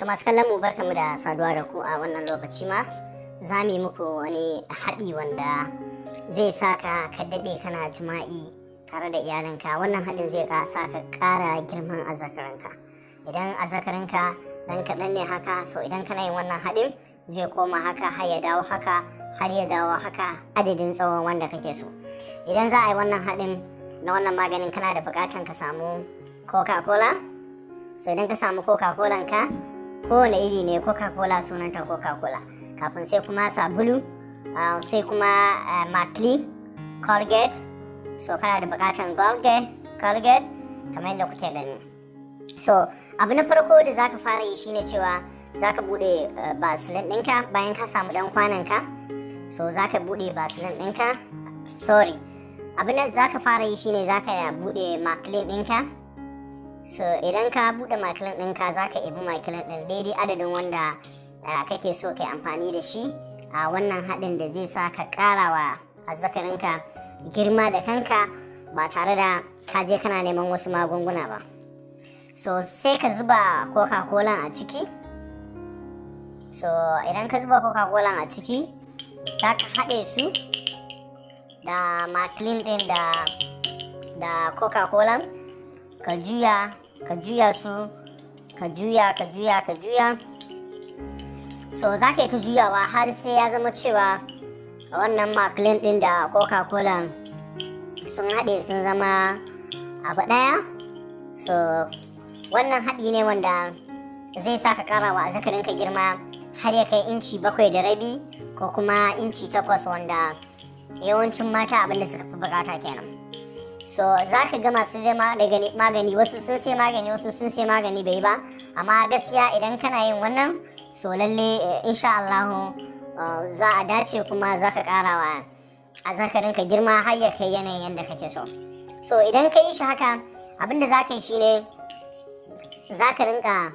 To masu kallon mu barkamu da saduwa da ku a wannan lokaci ma za mu yi muku wani haɗi wanda zai sa ka ka daɗe kana jima'i tare da iyalinka wannan haɗin zai ka sa ka ƙara girman azakarinka idan azakarinka dan kaɗan ne haka so idan kana yin wannan haɗin zai koma haka har ya dawo haka har ya dawo haka adadin tsawon wanda kake so idan za a yi wannan haɗin na wannan maganin kana da buƙatar ka samu coca-cola so idan ka samu coca-cola ka kowane iri ne coca-cola sunanta coca-cola kafin sai kuma sabulu um, sai kuma eh, maclean colgate so kana da bukatan colgate kamar yadda kuke gani so abu na farko da zaka fara yi shine cewa zaka bude basilin eh, ɗinka bayan ka samu dan kwananka so zaka bude basilin ɗinka sorry abin zaka fara yi shine zaka eh, bude maclean ɗinka so idan ka buɗe makilin ɗinka ka zaka ibi makilin ɗin daidai adadin wanda eh, kake so ka amfani da shi a wannan haɗin da zai sa ka ƙara wa azzakarinka girma da kanka ba tare da ka je kana neman wasu magunguna ba so sai ka zuba coca-cola a ciki so idan ka zuba coca-cola a ciki za ka haɗe su da makilin ɗin da da coca-cola ka juya ka juya su ka juya ka so za ka yi ta juyawa har sai ya zama cewa wannan maklin din da coca-cola sun haɗe sun zama abu ɗaya so wannan haɗi ne wanda zai sa ka ƙara wa zakarinka girma har ya kai inci bakwai da rabi ko kuma inci takwas wanda yawancin mata abinda suka fi bukata kenan so za ka ga masu zai magani wasu sun sai magani wasu sun sai magani bai ba amma gaskiya idan kana yin wannan so lalle eh, insha Allah eh, za a dace kuma za ka karawa a ka girma har ya kai yanayin yadda kake so so idan ka yi shi haka abinda za ka yi shine za ka rinka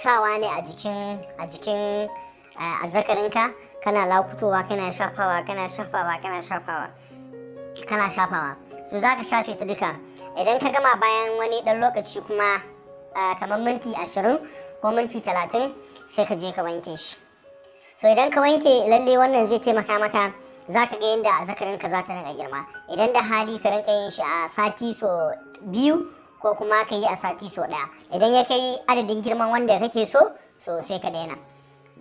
shawa ne a jikin a jikin eh, azzakarinka kana lakutowa kana shafawa kana shafawa kana shafawa kana shafawa to za ka shafe ta duka idan ka gama bayan wani dan lokaci kuma ah, kamar minti ashirin ko minti talatin sai ka je ka wanke shi so idan ka wanke lalle wannan zai taimaka maka zaka ka ga yadda zakarinka za ta rinka girma idan da hali ka rinka yin shi a sati so biyu ko kuma ka yi a sati so ɗaya idan ya kai adadin girman wanda kake so so sai ka daina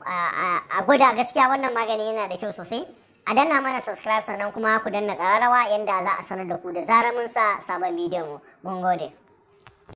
ah, ah, a gwada gaskiya wannan magani yana da kyau sosai a danna mana subscribe sannan kuma ku danna ƙararrawa yadda za a sanar da ku da zarar mun sa sabon bidiyon mu mun gode